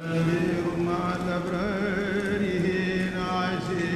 مع الأبرار عسير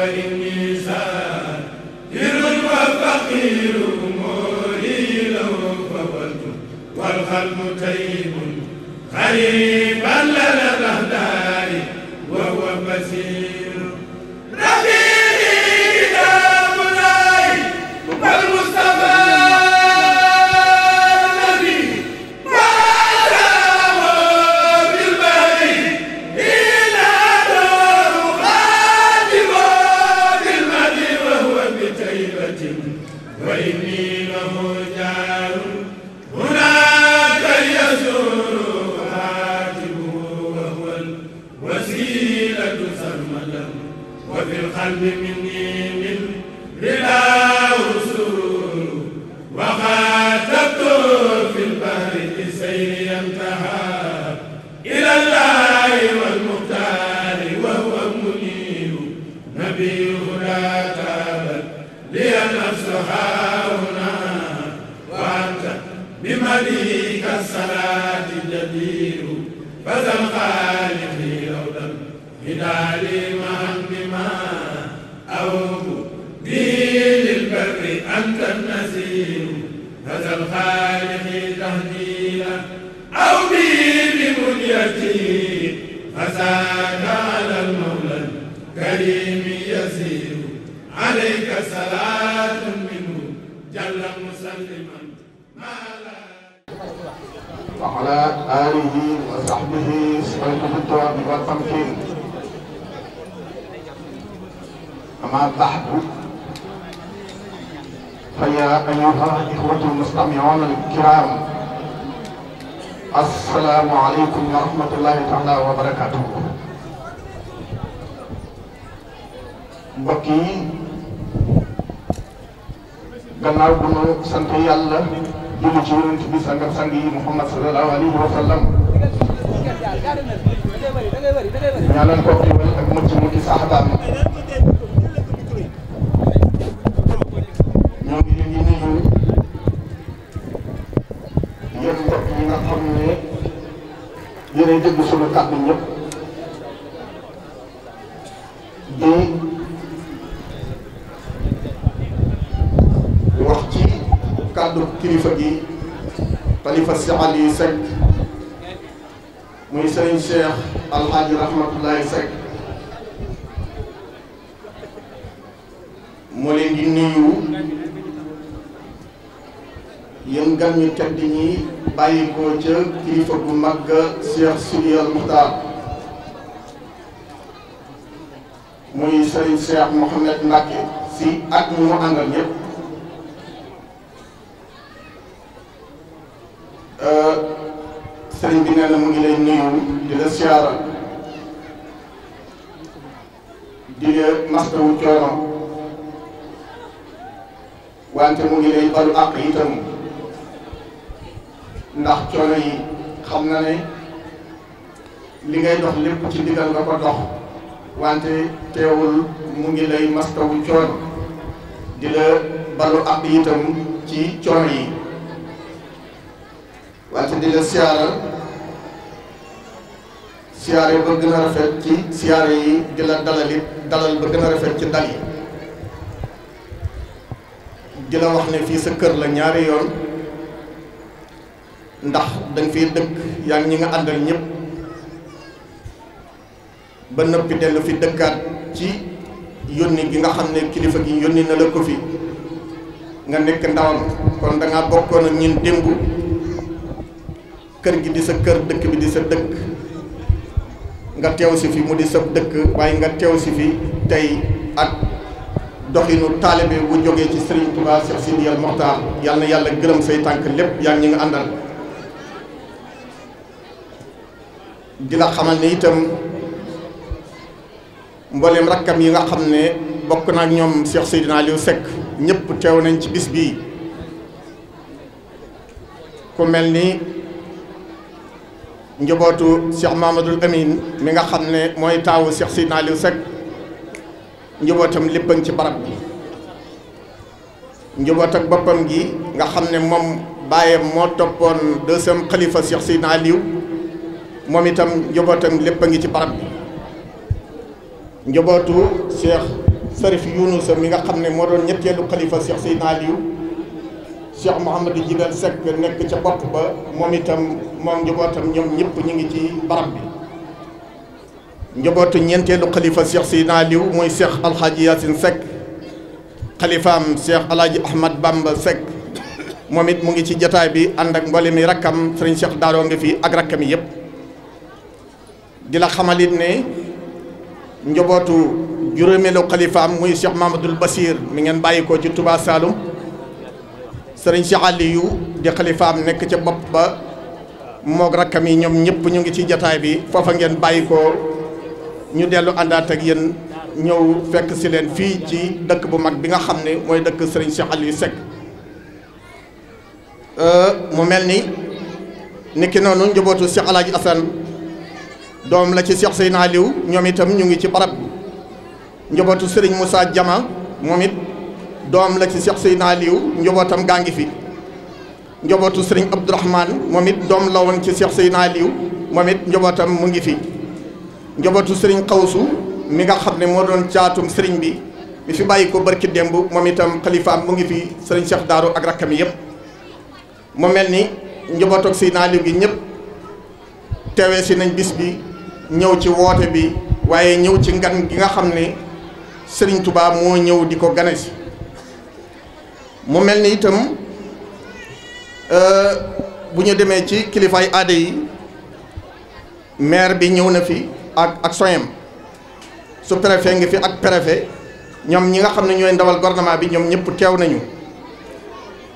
وإني زاهر وفقير أموري لو فوت والخلق تيم غريبا لنا الأهدار وهو مسير عليك صلاة منه جل مسلما ما لا وعلى آله وصحبه سبحانه التواب والتمكين أما بعد فيا أيها الإخوة المستمعون الكرام السلام عليكم ورحمة الله تعالى وبركاته بكين gannaaw bu ñu sant yàlla julli ci yonent bi sangam sang yi Muhammad sallallahu alayhi wa sallam ñaanal ko xiwal ak mucc mu ci saxabaam ñoo ngi leen di nuyu yéen mbokk yi nga xam ne yéenay dégg suñu kàddu ñëpp xalifa si Ali Seck muy sëriñ Cheikh Rahmatullahi Seck moo leen di nuyu yéen gan ñu ñi bàyyi ko ca kilifa bu mag Cheikh Sidi Al muy sëriñ Cheikh Mouhamed Mbacke si ak mu àndal ñëpp. Euh, sëriñ bi nee na mu ngi lay nuyu di la siyaara di la mastawu coono wante mu ngi lay balu àq itam ndax coono yi xam na ne li ngay dox lépp ci ndigal nga ko dox wante teewul mu ngi lay mastawu coono di la balu àq itam ci coono yi wàcc di la siara siara ba gën a rafet ci siara yi di la dalal it dalal ba gën rafet ci dal yi di la wax ne fi sa kër la ñaari yoon ndax danga fi dëkk yaa ngi ñi nga andal ñëpp ba noppi dellu fi dëkkaat ci yónni gi nga xam kilifa gi yónni na la ko fi nga nekk ndawam kon da nga bokkoon ak ñun démb kër gi di sa kër dëkk bi di sa dëkk nga teew si fi mu di sa dëkk waaye nga teew si fi tey ak doxinu taalibe bu jógee ci Serigne Touba Cheikh Sidi El Mokhtar yàlla yàlla gërëm say tànk lépp yaa ngi ñu nga àndal di la xamal ne itam mbooleem rakkam yi nga xam ne bokk na ak ñoom Cheikh Seydina Aliou Seck ñëpp teew nañ ci bis bii ku mel ni njabootu Cheikh Mamadou Amine mi nga xam ne mooy taawu Cheikh Seydina Aliou Seck njabootam lépp a ngi ci barab bi njaboot ak boppam gi nga xam ne moom bàyyam moo toppoon deuxième xalifa Cheikh Seydina Aliou moom itam njabootam lépp ci barab bi Cheikh Sarif Younousa mi nga xam ne moo doon ñetteelu Cheikh Seydina Aliou Cheikh Mouhamadou Jidal Seck nekk ca bopp ba moom itam moom njabootam ñoom ñëpp ñu ngi ci barab bi njabootu ñeenteelu xalifa Cheikh Seydina Aliou mooy Cheikh Alhaji Yacine Seck xalifaam Cheikh Alhaji Ahmad Bamba Seck moom it mu ngi ci jataay bi ànd ak mboolem mi rakkam sëriñ Cheikh Daaro ngi fi ak rakkam yëpp di la xamalit ne njabootu juróomeelu xalifaam muy Cheikh Mamadou Bassir mi ngeen bàyyi ko ci Touba Saloum sëriñ si Aliyu di xalifaam nekk ca bopp ba moog rakkam yi ñoom ñëpp ñu ngi ci jataay bi foofa ngeen bàyyi ko ñu dellu àndaat ak yéen ñëw fekk si leen fii ci dëkk bu mag bi nga xam ne mooy dëkk sëriñ si Aliyu Seck euh, mu mel ni niki noonu njabootu Cheikh Alaaji Asan doom la ci Cheikh Seyna Aliou ñoom itam ñu ngi ci barab njabootu sëriñ Moussa Jama moom dom la ci Cheikh seyna liw njobotam gangi fi njobotu serigne abdourahman momit dom la won ci Cheikh seyna liw momit njobotam mu ngi fi njobotu serigne khawsu mi nga xamne mo don ciatum serigne bi mi fi bayiko barki dembu momitam khalifa mu ngi fi serigne Cheikh daru ak rakam yeb mo melni ni seyna liw gi ñep tewé ci nañ bis bi ñew ci wote bi waye ñew ci ngan gi nga xamne serigne Touba mo ñew diko ko mu mel ni itam euh, bu ñu demee ci kilifaay aada yi maire bi ñëw na fi ak ak soyam su préfet ngi fi ak préfet ñoom ñi nga xam ne ñooy ndawal gouvernement bi ñoom ñëpp teew nañu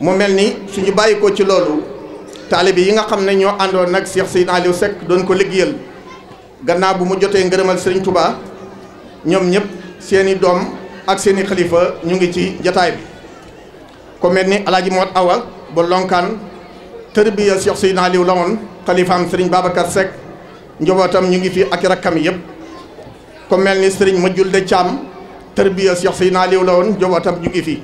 mu mel ni suñu bàyyi ko ci loolu taalibe yi nga xam ne ñoo àndoon ak Cheikh Seydina Aliou Seck doon ko liggéeyal gannaaw bu mu jotee ngërëmal Serigne tubaa ñoom ñëpp seeni doom ak seeni xalifa ñu ngi ci jataay bi ko melni ni alaaji awal bo lonkan terbiya Cheikh Seydina ali lawon woon serigne sëriñ Babacar Seck njobootam ñu ngi fi ak rakam yeb ko melni ni Majul de cham terbiya Cheikh Seydina ali lawon njobotam ñu ngi fi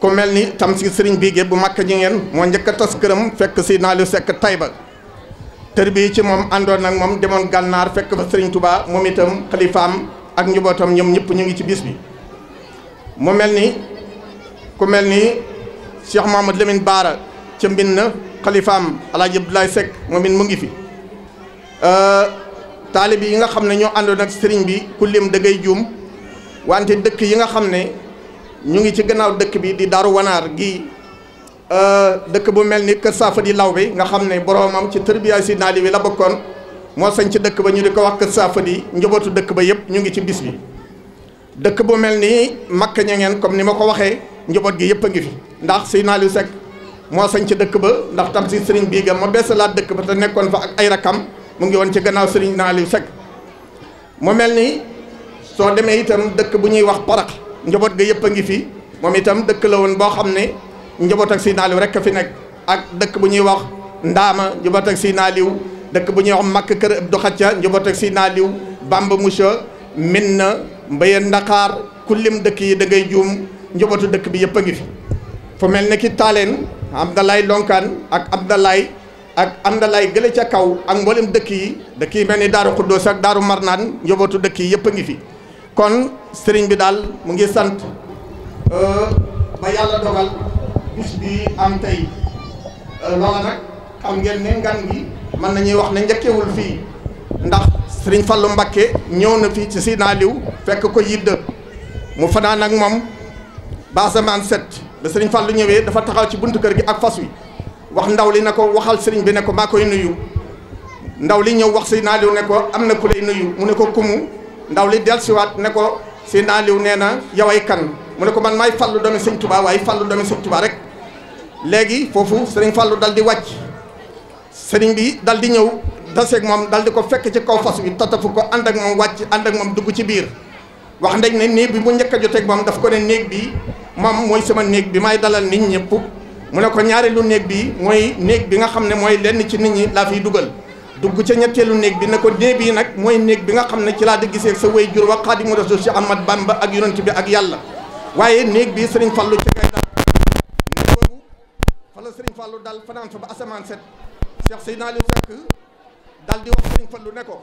ko melni ni tam ci serigne Bigué bu makka ñi ngeen mo ñeuk a tas këram fekk Seydina ali sek tayba terbi ci mom andon nag mom demoon gannar fekk fa serigne Touba itam ak njobotam ñom ñep ñu ngi ci bis bi mo melni ku mel ni Cheikh Mouhamad Lamine Baara ca na xalifaam Alaaji Abdoulaye Seck moom it mu ngi fi euh, taalib yi nga xam ne ñoo àndoon ak sëriñ bi ku lim da ngay juum wante dëkk yi nga xam ne ñu ngi ci gannaaw dëkk bi di Daaru Wanaar gi euh, dëkk bu mel ni Kër Saafa di law bi nga xam ne boromam ci tërbiyaay si naali bi la bokkoon moo sañ ci dëkk ba ñu di ko wax Kër Saafa di njabootu dëkk ba yëpp ñu ngi ci bis bi dëkk bu mel ni Makka ña ngeen comme ni ma ko waxee. njaboot gi yëpp a ngi fi ndax Seydina Aliou Seck moo sañ ci dëkk ba ndax tam si sëriñ bii ga ma beesalaat dëkk ba te nekkoon fa ak ay rakam mu ngi woon ci gannaaw Seydina Aliou Seck mu mel ni soo demee itam dëkk bu ñuy wax parax njaboot ga yëpp a ngi fi moom itam dëkk la woon boo xam ne njaboot ak Seydina Aliou rek fi nekk ak dëkk bu ñuy wax ndaama njaboot ak Seydina Aliou dëkk bu ñuy wax makk kër Abdou Khatia njaboot ak Seydina Aliou Bamba Moussa Minna Mbaye Ndakaar ku lim dëkk yi da ngay njobootu dëkk bi yëpp a ngi fi fu mel ne ki taaleen Abdalaay Lonkaan ak Abdalaay ak Abdalaay gële ca kaw ak mboolem dëkk yi dëkk yi mel ni Daaru Xuddoos ak Daaru Marnaan njobootu dëkk yi yëpp a ngi fi kon sëriñ bi daal mu ngi sant euh, ba yàlla dogal bis bi am tey euh, loola nag xam ngeen ne ngan gi mën nañuy wax ne njëkkewul fii ndax sëriñ Fallu Mbakke ñëw na fii ci Sinaaliw fekk ko yidd mu fanaan moom ba asamaan set ba sëriñ Fallou ñëwee dafa taxaw ci buntu kër gi ak fas wi wax ndaw li na ko waxal sëriñ bi ne ko maa koy nuyu ndaw li ñëw wax si naaliw ne ko am na ku lay nuyu mu ne ko kumu ndaw li dellusiwaat ne ko si naaliw nee na yow ay kan mu ne ko man maay Fallou doomi sëñ Touba waaye Fallou doomi sëñ Touba rek léegi foofu sëriñ Fallou dal di wàcc sëriñ bi dal di ñëw daseeg moom dal di ko fekk ci kaw fas wi tatafu ko ànd ak moom wàcc ànd ak moom dugg ci biir wax nañ ne néeg bi mu njëkk a moom daf ko ne néeg bi moom mooy sama néeg bi may dalal nit ñëpp mu ne ko ñaareelu néeg bi mooy néeg bi nga xam ne mooy lenn ci nit ñi laa fiy dugal dugg ca ñetteelu néeg bi ne ko néeg bi nag mooy néeg bi nga xam ne ci laa di gisee sa way jur wa Xaadimu Rasuul si Ahmad Bamba ak yonent bi ak yàlla waaye néeg bi sëriñ Fallu ci ngay daal ne boobu fa la sëriñ Fallu daal fanaan fa ba asamaan set Cheikh Seydina Aliou Seck daal di wax sëriñ Fallu ne ko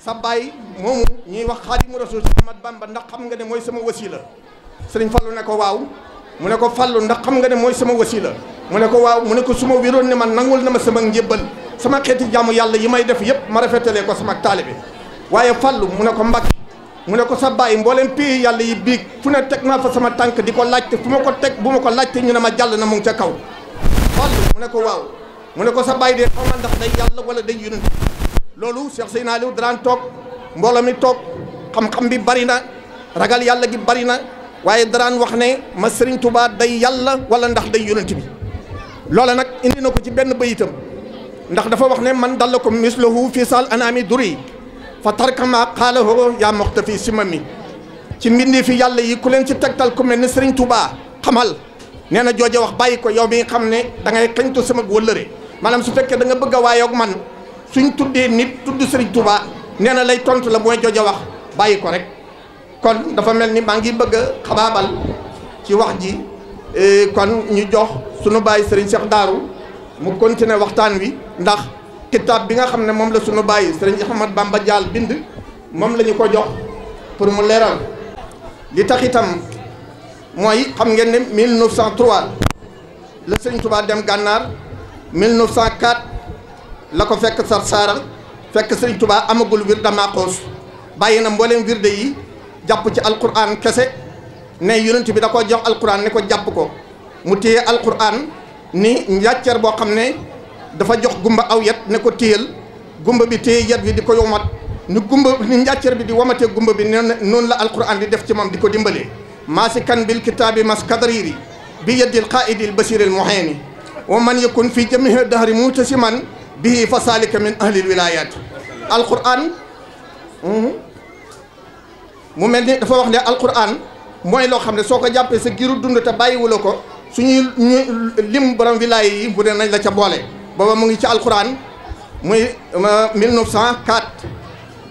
sa baay moomu ñuy wax xaadimu rasul si Ahmad Bamba ndax xam nga ne mooy sama wasila sëriñ Fallu ne ko waaw mu ne ko Fallu ndax xam nga ne mooy sama wasila mu ne ko waaw mu ne ko suma wéroon ne man nangul na ma sama njébbal sama xeeti jàmm yàlla yi may def yëpp ma rafetalee ko sama taalibe waaye fàllu mu ne ko Mbàkke mu ne ko sa baay mbooleen pays yàlla yi biig fu ne teg naa fa sama tànk di ko laajte fu ma ko teg bu ma ko laajte ñu ne ma jàll na mu ngi ca kaw Fallu mu ne ko waaw mu ne ko sa baay de xaw ma ndax day wala day loolu Cheikh Seydina Aliou daraan toog mbooloo mi toog xam-xam bi bari na ragal yàlla gi bari na waaye daraan wax ne ma sëriñ Touba day yàlla wala ndax day yonent bi loola nag indi na ko ci benn bayitam ndax dafa wax ne man dalla ko mislahu fi sal anaami duri fa tarkama xaalahoo yaa moxtafi sima mi ci mbindi fi yàlla yi ku leen ci tegtal ku mel ni Serigne Touba xamal nee na jooje wax bàyyi ko yow mi xam ne da ngay xëñtu sama wëllëre maanaam su fekkee da nga bëgg a waayoog man suñ tuddé nit tudd serigne Touba néna lay tontu la moy jooja wax bàyyi ko rek kon dafa melni ma ngi bëgg a ci wax ji e, kon ñu jox suñu bàyyi serigne Cheikh daru mu continuer waxtaan wi ndax kitab bi nga xamné mom la suñu bàyyi serigne Ahmad Bamba Dial bind mom lañu ko jox pour mu léral li tax itam xam ngeen ne 1903 la serigne Touba dem gannar 1904. lako fekk sar saral fekk serigne touba amagul wirda Maaxoos bàyyi bayina mbolem wirde yi jàpp ci alquran kesse ne yonent bi dako jox alquran ne ko jàpp ko mu tey alquran ni njàcceer bo xamne dafa jox gumba aw yet ne ko téyel gumba bi tey yet bi diko yomat ni gumba ni njàcceer bi di wamate gumba bi non la alquran di def ci mom diko dimbalé dimbalee kan bil kitabi mas bi yeddil qaa'idil basiiril muheeni wa man yakun fi jamihi dahri bihi fa salika min ahlil wilayat alquran mhm. mu mel ni dafa wax ne alquran mooy loo xam ne soo ko jàppee sa giru dund te bàyyiwula ko suñuy ñu lim borom wilaaya yi bu ne nañ la ca boole booba mu ngi ci alquran muy 1904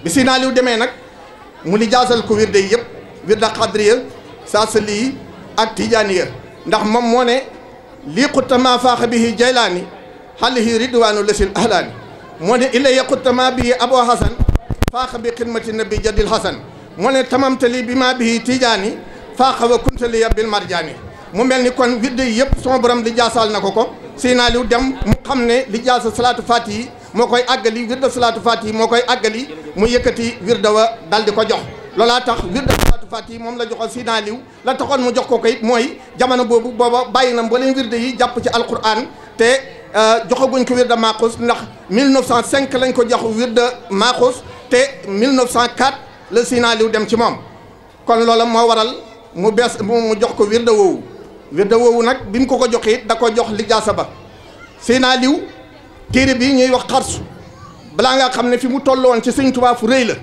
bi si naaliw demee nag mu li jaasal ko wirde yëpp wirda xadriya saasali ak tijaaniya ndax ma moo ne lii xutta maa faaxa bihi jaylaani حله ردوان لسي الأهلان من إلي قدت ما به أبو حسن فاق بخدمة النبي جد الحسن من تممت لي بما به تيجاني فاق وكنت لي بالمرجاني mu mel ni kon widde yi yëpp sama borom li jaasaal na ko ko Seydina Aliou dem mu xam ne li jaasa salaatu faati yi moo koy àggali wirda salaatu faati yi moo koy àggali mu yëkkati wirda wa dal di ko jox loolaa tax wirda salaatu faati yi moom la joxoon Seydina Aliou la taxoon mu jox ko ko it mooy jamono boobu booba bàyyi na mbooleem wirde yi jàpp ci alquran te Euh, joxaguñ ko wirda Maaxus ndax 1905 lañ ko jox wirda Maaxus te 1904 la Sinaaliw dem ci moom kon loola moo waral mu bees mu jox ko wirda woowu wirda woowu nag bi mu ko ko joxee da ko jox lijaasa ba Sinaaliw téere bi ñuy wax xarsu balaa nga xam ne fi mu toll woon ci sëñ Tuubaa fu rëy la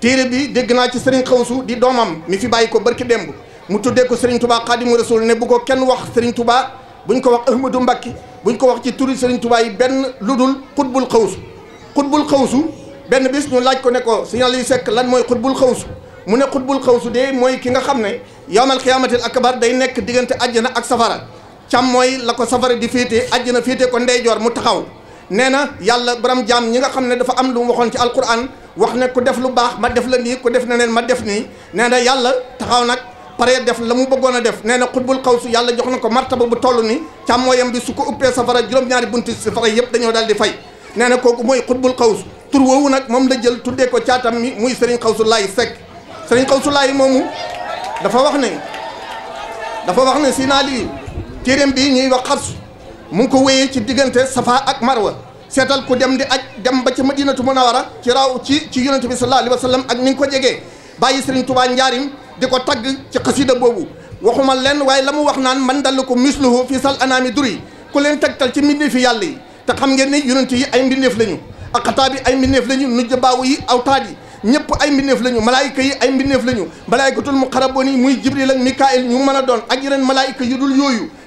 téere bi dégg naa ci sëriñ xawsu di doomam mi fi bàyyi ko barki demb mu tuddee ko sëriñ Tuubaa Xaadimu Rasuul ne bu ko kenn wax sëriñ tubaa buñ ko wax Ahmadu Mbàkke buñ ko wax ci turi Serigne Touba yi ben lu khutbul khaws khutbul khaws ben benn bis ñu laaj ko ne ko Serigne Aliou sek lan moy khutbul khaws mu ne khutbul khaws de moy ki nga xamne yawmal qiyamati akbar day nek diggante aljana ak safara cham moy lako safara di fete aljana fete ko ndey jor mu taxaw neena yàlla borom jam ñi nga xamne dafa am lu mu waxoon ci alquran wax ne ku def lu bax ma def la ni ku def neneen ma def ni neena yàlla taxaw nak paree def la mu bëggoon a def nee na xutbul xawsu yàlla jox na ko martaba bu toll ni càmmooyam bi su ko uppee safara juróom-ñaari bunti safara yëpp dañoo daal di fay nee na kooku mooy xutbul xawsu tur woowu nag moom la jël tuddee ko caatam mi muy Serigne Xawsu Laay Seck Serigne Xawsu Laay moomu dafa wax ne dafa wax ne si naa lii téeréem bi ñuy wax xarsu mu ngi ko wéyee ci diggante safa ak marwa seetal ku dem di aj dem ba ca madinatu munawara ci raw ci ci yonente bi sallallahu alayhi wa sallam ak ni nga ko jegee bàyyi Serigne Touba njaarim diko tag ci qasida bobu waxuma len way lamu wax nan man dall misluhu fi sal anami duri ku len tagtal ci minni fi yàlla te xam ngeen ni yonent yi ay mbindeef lañu aqtaab yi ay mbindeef lañu nujabaaw yi awtaad yi ñëpp ay mbindeef lañu malaika yi ay mbindeef lañu malaayikatul muqarraboon muy jibril ak mikael ñu mën doon ak yeneen malaika yu dul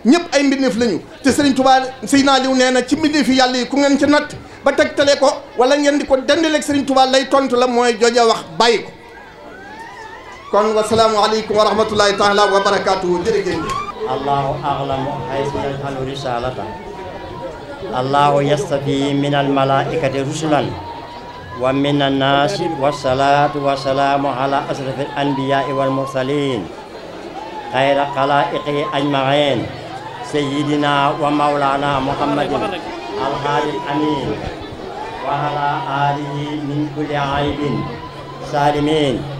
ñëpp ay mbindeef lañu te Serigne Touba seyna liw neena ci minni fi yàlla ku ngeen ci nat ba tagtale ko wala ngeen diko dendel ak Serigne Touba lay tontu la moy jojja wax bayiko kon wasalaamualeykum wa rahmatullahi taala wa barakaatuhu jërëgéen allahu a'lamu haysu yaj'alu risalata allahu yastafi min almalaikati rusulan wa min annasi wassalatu wassalaamu ala asrafi al anbiyai walmursalin xayra xalaiqi ajmain سيدنا ومولانا محمد الهادي الأمين وعلى آله من كل عيب سالمين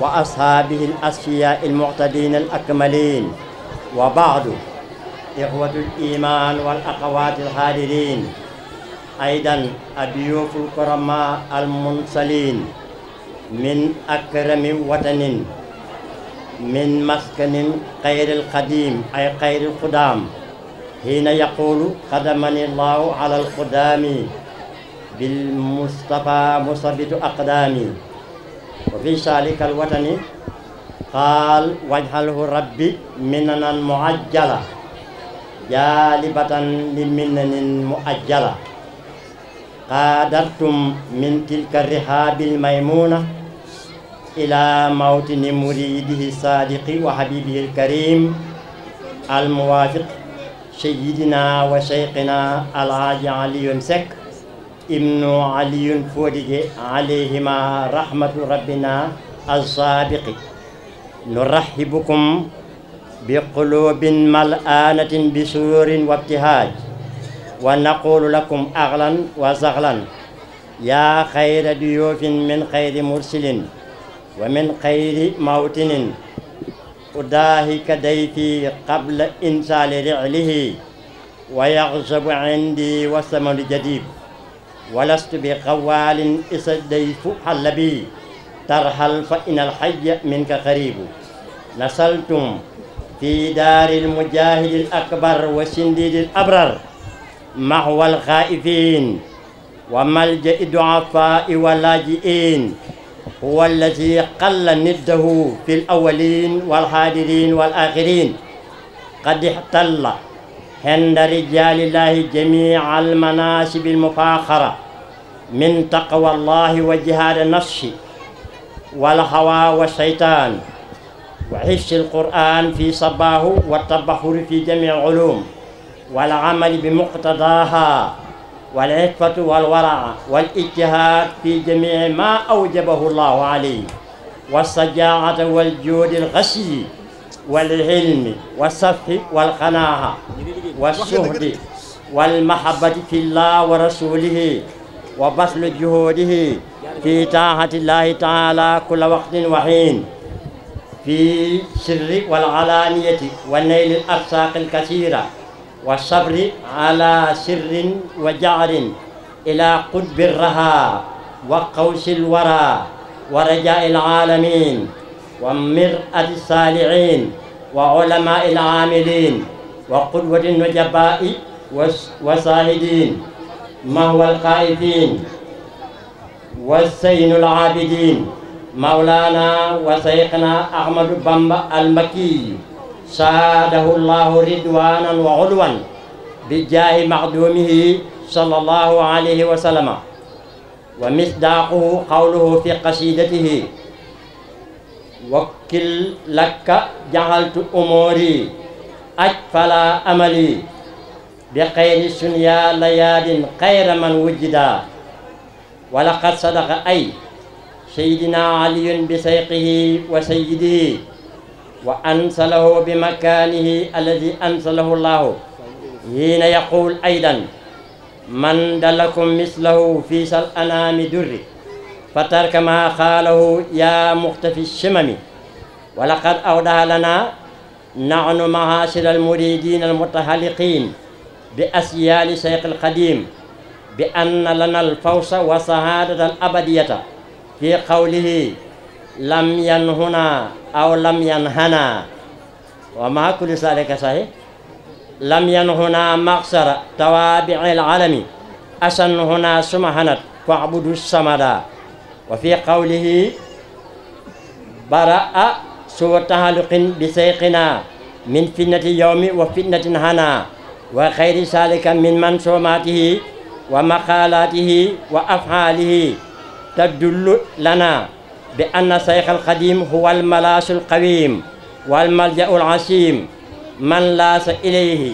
وأصحابه الأصفياء المعتدين الأكملين وبعد إخوة الإيمان والأخوات الحاضرين أيضا الضيوف الكرماء المنسلين من أكرم وطن من مسكن غير القديم أي غير القدام حين يقول قدمني الله على القدام بالمصطفى مثبت أقدامي وفي شالك الوطني قال وجهله ربي مننا معجلة جالبة لمنن مؤجلة قادرتم من تلك الرحاب الميمونة إلى موت مريده الصادق وحبيبه الكريم الموافق سيدنا وشيخنا العاج علي مسك ابن علي فودي عليهما رحمة ربنا الصادق نرحبكم بقلوب ملآنة بسرور وابتهاج ونقول لكم أغلا وزغلا يا خير ضيوف من خير مرسل ومن خير موطن أداهك كديفي قبل إنسال رعله ويغصب عندي وسم الجديد ولست بقوال إسديف حل بي ترحل فإن الحي منك قريب نسلتم في دار المجاهد الأكبر وسنديد الأبرر محو الخائفين وملجأ الضعفاء واللاجئين هو الذي قل نده في الأولين والحاضرين والآخرين قد احتل عند رجال الله جميع المناسب المفاخرة من تقوى الله وجهاد النفس والهوى والشيطان وحفظ القرآن في صباه والتبخر في جميع العلوم والعمل بمقتضاها والعفة والورع والاجتهاد في جميع ما أوجبه الله عليه والصجاعة والجود الغسي والعلم والصفح والقناعة والشهد والمحبة في الله ورسوله وبذل جهوده في طاعة الله تعالى كل وقت وحين في سر والعلانية والنيل الأرزاق الكثيرة والصبر على سر وجعر إلى قطب الرها وقوس الورى ورجاء العالمين ومرأة الصالحين وعلماء العاملين وقدوة النجباء والصاهدين مهو القائدين والسين العابدين مولانا وسيقنا أحمد بامبا المكي ساده الله رضوانا وعلوا بجاه مقدومه صلى الله عليه وسلم ومصداقه قوله في قصيدته وكل لك جعلت أموري أج أملي بخير سنيا لياد خير من وجدا ولقد صدق أي سيدنا علي بسيقه وسيده وأنسله بمكانه الذي أنسله الله حين يقول أيضا من دلكم مثله في سل أنام درك فترك ما قاله يا مختفي الشمم ولقد أودع لنا نعن معاشر المريدين المتهلقين بأسيال شيخ القديم بأن لنا الفوز وسعادة الأبدية في قوله لم ينهنا أو لم ينهنا وما كل ذلك صحيح لم ينهنا مقصر توابع العالم أسن هنا سمحنت فاعبدوا السمدا وفي قوله براء سوى تعلق بسيقنا من فتنة يوم وفتنة هنا وخير ذلك من منصوماته ومقالاته وأفعاله تدل لنا بأن سيخ القديم هو الملاس القويم والملجأ العسيم من لاس إليه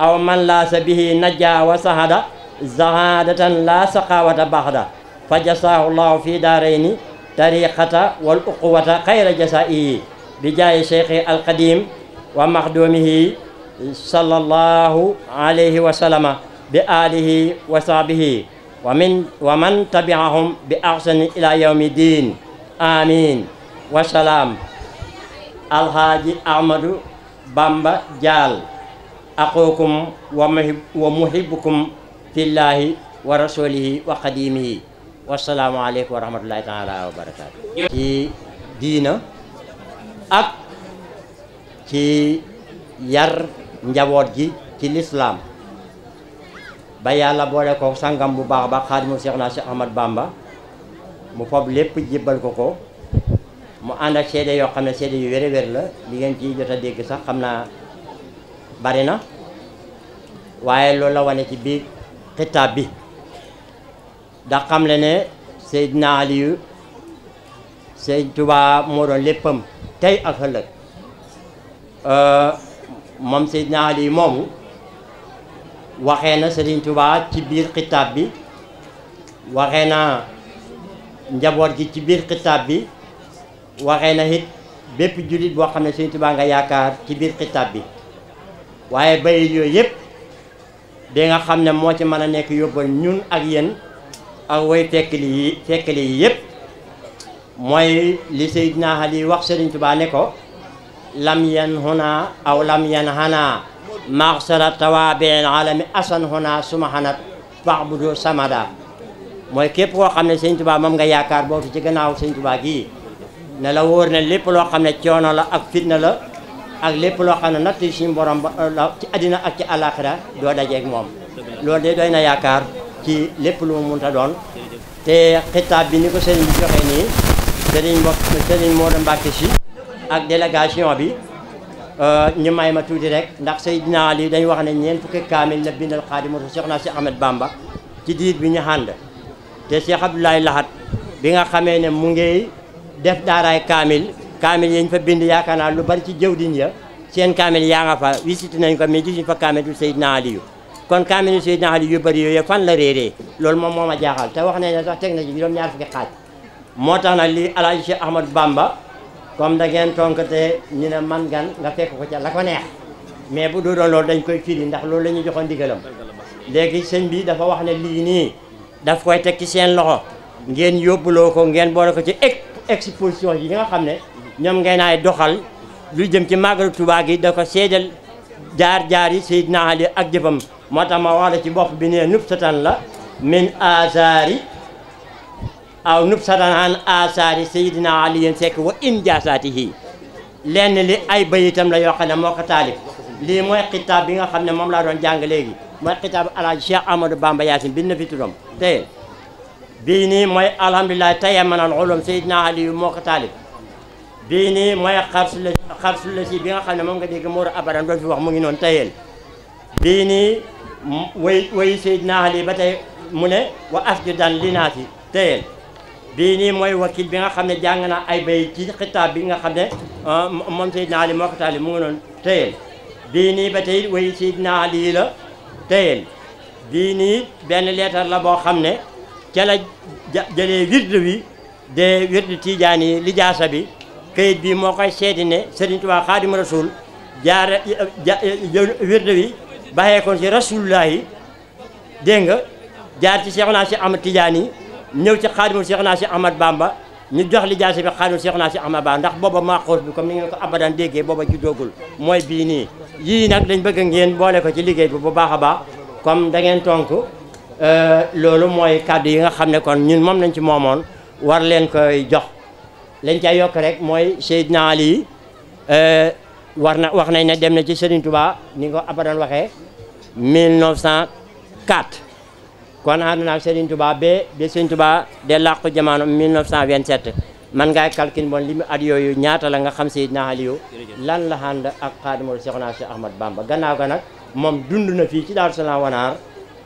أو من لاس به نجا وسهد زهادة لا سقاوة بعده fa jasaahu llahu daarayni tariqata wal uquwata xayra jasaihi bi jaayi cheikhi alqadim wa maxdumihi sallallahu alayhi wa sallama bi alihi wa sahbihi wa man tabiahum bi ahsani ila yawmi din wa salaam alhaaji ahmadou bamba dial aqukum wa muhibbukum fillahi wa rasulihi wa qadimihi wasalaamualeykum wa rahmatullahi taala wa barakaatu ci diina ak ci yar njaboot gi ci lislaam ba yàlla boole ko sangam bu baax ba xaadimu seex naa Seex Ahmad Bamba lépp jébbal ko ko mu ànd ak seede yoo xam ne seede yu wér wér la li ngeen ci jot a dégg sax xam naa bari na waaye loolu la wane ci biir xitaab bi ndax xam le ne Seydina Aliyu Sëñ Tuubaa moo doon léppam tey ak ëllëg euh, moom Seydina moomu waxee na Sëriñ Tuubaa ci biir xitaab bi waxee na njaboot gi ci biir xitaab bi waxee na it bépp jullit boo xam ne Sëriñ Tuubaa nga yaakaar ci biir xitaab bi waaye bayit yooyu yëpp di nga xam ne moo ci mën a nekk yóbbal ñun ak yenn ak way tekkili li tekkili yi yëpp mooy li Seydina Ali wax Sëriñ Tuubaa ne ko lam yen huna aw lam yan hana maxsara tawaabeen alami asan huna suma hanat fax bu doo samada mooy képp koo xam ne Sëriñ Tuubaa moom nga yaakaar boo fi ci gannaaw Sëriñ Tuubaa gii ne la wóor ne lépp loo xam ne coono la ak fitna la ak lépp loo xam ne natt suñu borom ba ci àddina ak ci àllaaxira doo dajeeg moom loolu de doy na yaakaar ci lépp lu mu munta doon te xitaab bi ni ko sëriñ bi joxee nii sëriñ mo sëriñ Moodu si ak délégation bi euh, ñu may ma tuuti rek ndax Seydina Ali dañ wax ne ñeent fukki kaamil la bindal xaadimatu Seexna si Ahmed Bamba ci diir bi ñu ànd te Cheikh Abdoulaye Lahat bi nga xamee ne mu ngi def daaraay kaamil kaamil yi ñu fa bind yaakaar naa lu bari ci jëw jëwdin ya seen kaamil yaa nga fa visité nañ ko mais gisuñ fa kaamil du Seydina Aliyu kon kaamilu Seydina Ali yu bëri yooyu fan la réeree loolu moom moo ma jaaxal te wax nañ ne sax teg na ci juróom-ñaar fukki xaaj moo tax nag li Alaaji Cheikh Ahmadou Bamba comme da ngeen tonkate ñu ne man gan nga fekk ko ca la ko neex mais bu doodoon loolu dañ koy firi ndax loolu la ñu joxoon ndigalam léegi sëñ bi dafa wax ne lii nii daf koy teg ci seen loxo ngeen yóbbuloo ko ngeen boole ko ci exposition yi nga xam ne ñoom ngeen ay doxal lu jëm ci màggalu Tuubaa gi da ko seedal جار جاري سيدنا علي أكجبم متى ما والتي بوف بني نبتتان لا من آزاري أو نبتتان عن آزاري سيدنا علي ينسيك وإن جاساته لأن لي أي بيتم لا يوخنا موقع تالي لي موي قتاب بيغا خمنا مملا رون جانج ليغي موي قتاب على الشيخ أمد بامبا ياسين بن في تروم تي بيني موي الحمد لله تيامنا العلوم سيدنا علي موقع تالي bii nii mooy xarsu la xarsu la si bi nga xam ne moom nga dégg Mor abadan doon fi wax mu ngi noonu tayel bii nii way way Seydina Ali ba tey mu ne wa asjudan linaasi tayel bii nii mooy wakil bi nga xam ne jàng naa ay bay ci xitaab bi nga xam ne moom Seydina Ali moo ko taali mu ngi noonu tayel bii nii ba tey way Seydina Ali la tayel bii nii benn leetar la boo xam ne ca la jëlee wird wi de wird tiijaan yi lijaasa bi kayit bii moo koy seeti ne Serigne Touba Xaadimu Rasuul jaara wérde wi baxee koon ci rasulullahi dégg nga jaar ci Seexuna si Ahmad Tijaani ñëw ci xaadimul Seexuna si Ahmad Bamba ñu jox li jaase bi xaadimul Seexuna si Ahmad Bamba ndax booba maaxoos bi comme ni ngeen ko abadan déggee booba ci doogul mooy bii nii yii nag dañ bëgg ngeen boole ko ci liggéey bi bu baax a baax comme da ngeen tonk euh, loolu mooy kàddu yi nga xam ne kon ñun moom lañ ci moomoon war leen koy jox lañ ca yokk rek mooy Seydina Ali euh, war na wax nañ ne dem na ci Serigne Touba ni nga ko abadan waxee 1904 kon ànd naag Serigne Touba ba ba Serigne Touba de làqu jamono 1927 man ngay calcul bon li mu at yooyu ñaata la nga xam Seydina Aliou lan la ànd ak xaadimul Seexuna Seex Ahmad Bamba gannaaw ga nag moom dund na fii ci Daaru Salaam Wanaar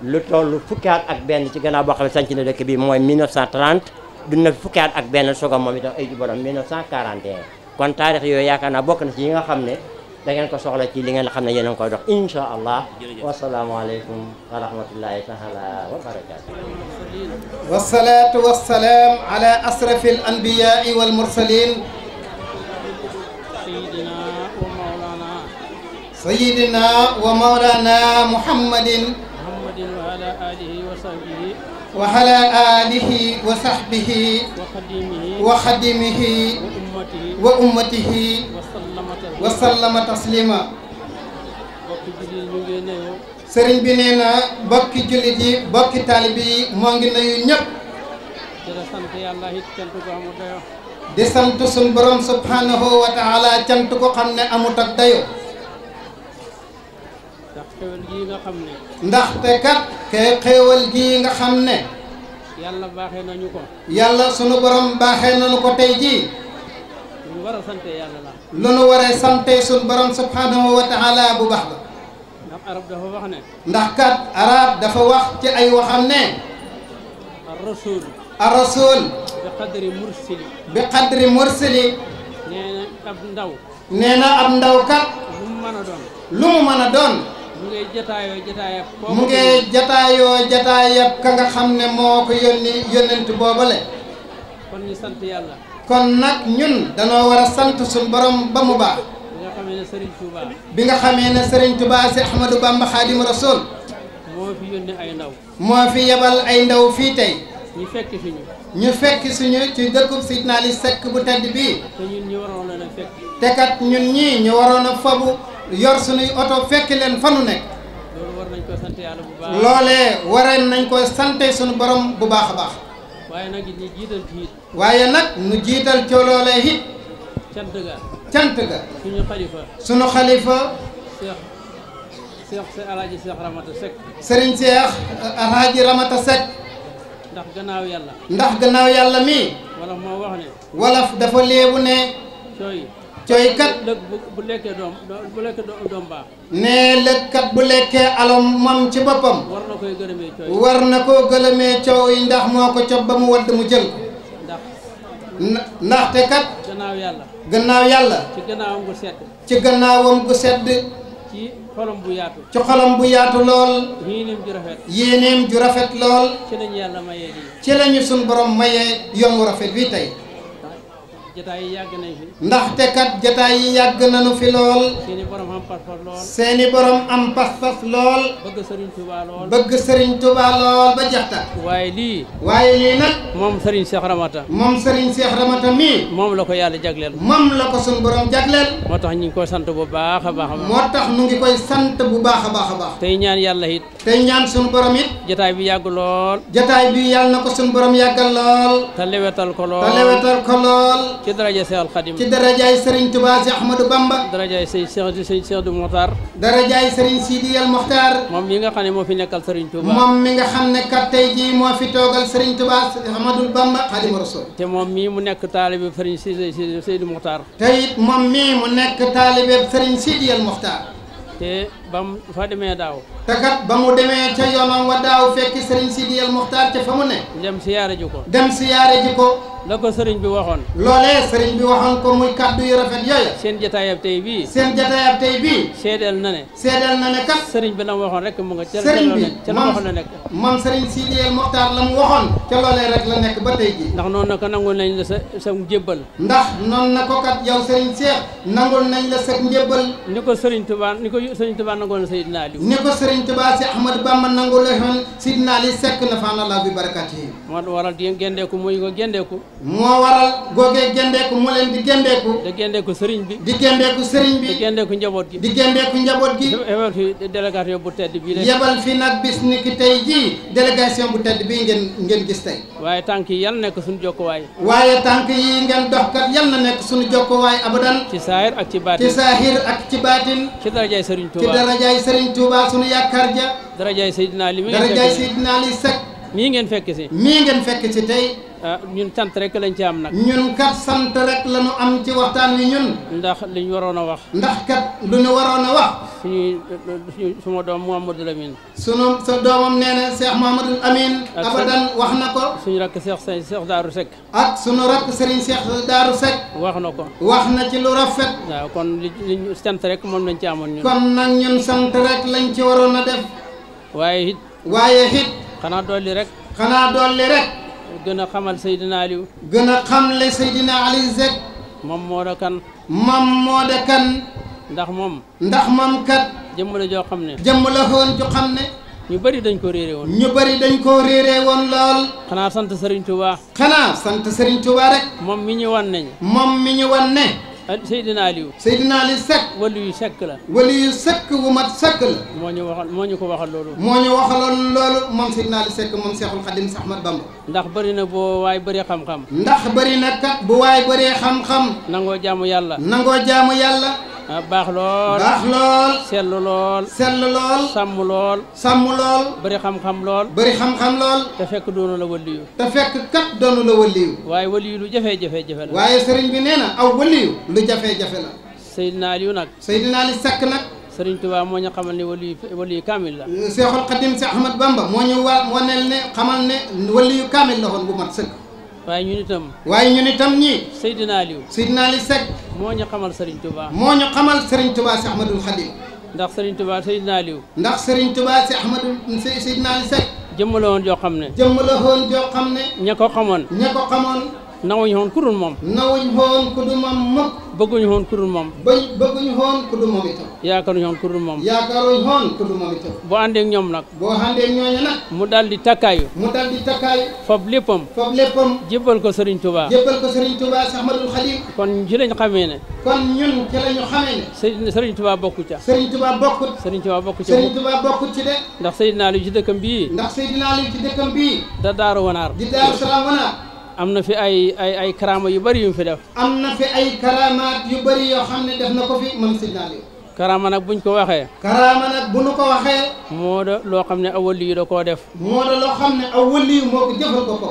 lu toll fukki at ak benn ci gannaaw boo xam ne sanc na dëkk bi mooy 1930 dund na fukki at ak ben sogam moom itam ay borom 1941 kon tarikh yo yakana bok na ci nga xamne da ngeen ko soxla ci li ngeen xamne yeen yéen koy dox insha allah alaykum wa rahmatullahi taala wa barakatu wasalaatu wasalaam ala asrafil al anbiyai wal mursalin sayyidina wa maulana sayyidina wa maulana muhammadin muhammadin wa ala alihi wa sahbihi wa ala alihi wa sahbihi wa xadimihi wa ummatihi wa sallama taslima sëriñ bi nee na bokki moo ngi nuyu ñëpp di sant sun borom wa taala cant ko xam ne amut ak xéewal gii nga xam ne. ndaxte kat kay xéewal gii nga xam ne. yàlla baaxee nañu ko. yàlla sunu borom baaxee nañu ko tey jii. lu nu war a sante yàlla la. lu nu waree sante sunu borom subhanahu wa taala bu baax la. ndax arab dafa wax ne. ndax kat arab dafa wax ci ay waxam ne. ar rasul. ar rasul. bi qadri mursili. bi qadri mursili. nee na ab ndaw. nee na ab ndaw kat. lu mu mën a doon. lu mu mën a doon. mu ngay jataayoo jataayab mu ngay jataayoo jataayab ka nga xam ne moo ko yónni yónnent boobale kon ñu sant yàlla kon nag ñun danoo war a sant suñ borom ba mu baax bi nga xamee ne Serigne Touba bi nga xamee ne Serigne Touba si Ahmadou Bamba Khadim Rasoul moo fi ay ndaw moo fi yebal ay ndaw fii tey ñu fekk fi ñu ñu fekk suñu ci dëkkub Seydina Ali Seck bu tedd bii te ñun ñu waroon a fekk te kat ñun ñii ñu yor sunuy oto fekk leen fa nu nekk. loolu war sant yàlla bu baax loolee waree nañ ko sante sunu borom bu baax a baax. waaye nag ñu jiital ci waaye nag ñu jiital ci loolee it. cant ga. cant ga. sunu xalifa. sunu xalifa. Cheikh Cheikh Alaaji Cheikh Ramata Seck. Serigne Cheikh Alaaji Ramata Seck. ndax gannaaw yàlla. ndax gannaaw yàlla mi. wolof moo wax ne. wolof dafa léebu ne. coy kat lëg bu lekkee doom bu lekkee doom baax. nee lëg bu lekkee alom moom ci boppam. war na koy gërëmee coow war na koo gërëmee coow yi ndax moo ko cob ba mu wadd mu jël. ndax. ndaxte kat. gannaaw yàlla. gannaaw yàlla. ci gannaawam gu sedd. ci gannaawam gu sedd. ci xolam bu yaatu. ci xolam bu yaatu lool. yéeneem ju rafet. yéeneem ju rafet lool. ci lañu yàlla mayee lañu sunu borom mayee yoon wu rafet wi tey. jataay yi yàgg nañ fi. ndaxte kat jataay yi yàgg nañu fi lool. seeni borom am pas-pas lool. seeni borom am pas-pas lool. bëgg Serigne Touba lool. bëgg Serigne Touba lool ba jaxta waaye lii. waaye lii nag. moom Serigne Cheikh Ramata. moom Serigne Cheikh Ramata mii. moom la ko yàlla jagleel. moom la ko sunu borom jagleel. moo tax ñu ngi koy sant bu baax a baax a baax. moo tax ñu ngi koy sant bu baax a baax a baax. tey ñaan yàlla it. tey ñaan suñu borom it. jataay bi yàgg lool. jataay bi yà na ko sunu borom yàggal lool. te lewetal ko ko lool. ci daraja Seex al Xadim ci darajaay Serigne Touba si Ahmadou Bamba darajaay sëñ Seex sëñ Seex du Moxtaar darajaay Serigne Sidi al Moxtaar moom mi nga xam ne moo fi nekkal Serigne Touba moom mi nga xam ne kat tey jii moo fi toogal Serigne Touba si Ahmadou Bamba Xaadimu Rasuul te moom mii mu nekk taalibe Serigne Sidi Sidi Seydou Moxtaar te it moom mii mu nekk taalibe Serigne Sidi al Moxtaar te ba mu fa demee daaw te kat ba ca yoonam wa daaw fekki sëriñ Sidi El Muxtaar ca fa mu ne dem siyaare ji ko dem siyaare ji ko la ko sëriñ bi waxoon loolee sëriñ bi waxoon ko muy kàddu yu rafet yooyu seen jataayab tey bii seen jataayab seedeel na ne seedeel na ne kat sëriñ bi la mu waxoon rek mu nga ca sëriñ bi ca la mu waxoon ca loolee rek la nekk ba tey ji ndax noonu na ko nangul nañ la sa sa njébbal ndax noonu na ko kat yow sëriñ Seex nangul nañ la sa njébbal ni ko sëriñ Tuubaa ni nangoon Seydina Aliou ni ko Serigne Touba si Ahmad Bamba nangu la xon Seydina Aliou sekk na faana la bi barakaati moo waral di gendeeku muy ko gendeeku moo waral googee gendeeku mu leen di gendeeku di gendeeku Serigne bi di gendeeku Serigne bi di gendeeku njaboot gi di gendeeku njaboot gi yebal fi délégation bu tedd bi yebal fi nag bis ni ki tey jii délégation bu tedd bii ngeen ngeen gis tey waaye tànk yi yal na nekk suñu jokkuwaay waaye tànk yi ngeen dox kat yal na nekk suñu jokkuwaay abadan ci saahir ak ci baatin ci saahir ak ci baatin ci darajay Serigne Touba darajaay Serigne Touba sunu yaakaar ja. darajaay Seydina Ali mi ngi darajaay Seydina Ali Seck. mii ngeen fekk si. mii ngeen fekk si tey. ah ñun sant rek lañ ci am nag. ñun kat sant rek la ñu am ci waxtaan wi ñun. ndax liñ waroon a wax. kat lu ñu waroon wax. suñu suma doom Mouhamadul Amine. sunu sa doomam nee na Cheikh Mouhamadul Amine. wax na ko. suñu rakk Cheikh Serigne Cheikh Darou Seck. ak sunu rakk Serigne Cheikh Darou Seck. wax na ko. wax na ci rafet. kon li ñu sant rek moom lañ ci amoon ñun. kon nag ñun sant rek lañ ci waroon a def. waaye waaye it xanaa dolli rek xanaa dolli rek gën a xamal Seydina gën a xamle Seydina Aliou Seck moom moo da kan moom moo de kan ndax moom ndax moom kat jëmm la joo xam ne jëmm la woon ju xam ne ñu bëri dañ ko réeré woon ñu bëri dañ ko réeré woon lool xanaa sant Serigne Touba xanaa sant Serigne Touba rek moom mi ñu wan nañ moom mi ñu wan ne Ah, Seydina Aliou Seydina Aliou Seck wali yu la wali yu Seck wu mat Seck la moo ñu wax moo ñu ko wax loolu moo ñu waxaloon loolu moom Seydina Aliou moom Seexul Xadim sax Ahmad Bamba ndax bari na boo waay bëree xam-xam ndax bari na kat boo waay bëree xam-xam nangoo jaamu yàlla nangoo jaamu yàlla baax lool baax lool sellu lool sellu lool sàmm lool sàmm lool bëri xam-xam lool bëri xam-xam lool te fekk doonu la waliyu te fekk kat doonu la waliyu waaye waliyu lu jafe-jafe-jafe la waaye sëriñ bi nee na aw waliyu lu jafe-jafe la Seydina Aliyu nag Seydina Ali Seck nag Sëriñ Tuubaa moo ñu xamal ne waliyu waliyu kaamil la Seexul Xadim si Ahmad Bamba moo ñu waa moo nel ne xamal ne waliyu kaamil la woon bu mat sëkk waaye ñun itam waaye ñun itam ñii Seydina Aliou Seydina Aliou Seck moo ñu xamal Serigne Touba moo ñu xamal Serigne Touba si Ahmadul Khadim ndax Serigne Touba Seydina Aliou ndax Serigne Touba si Ahmadul Seydina Aliou Seck woon joo xam ne jëmm la woon joo xam ne ña ko xamoon ña ko xamoon nawuñu woon ku moom nawuñ woon ku dul moom mukk bëgguñu woon ku dul moom bëñ bëgguñu woon ku dul ku moom yaakaaruñ woon ku dul moom boo àndeek ñoom nag boo àndeek mu daal di takkaayu mu daal di takkaayu fab léppam fab léppam jébbal ko Serigne Touba jébbal ko Serigne Touba Cheikh Ahmadoul Khadim kon ci lañ ne kon ñun ci lañu xamee ne Serigne Touba bokku ca Serigne Touba bokkut Serigne Touba bokku ca Serigne Touba bokkut ci de ndax Seydina Aliou ci dëkkam bii ndax Seydina Aliou ci dëkkam bii da daaru wanaar di salaam wanaar am na fi ay ay ay karaama yu bëri yu mu fi def. am na fi ay karaamaat yu bëri yoo xam ne def na ko fi moom Seydina Aliou. karaama nag buñ ko waxee. karaama nag bu nu ko waxee. moo da loo xam ne aw wali yu da koo def. moo da loo xam ne aw wali yu moo ko jëfal ko ko.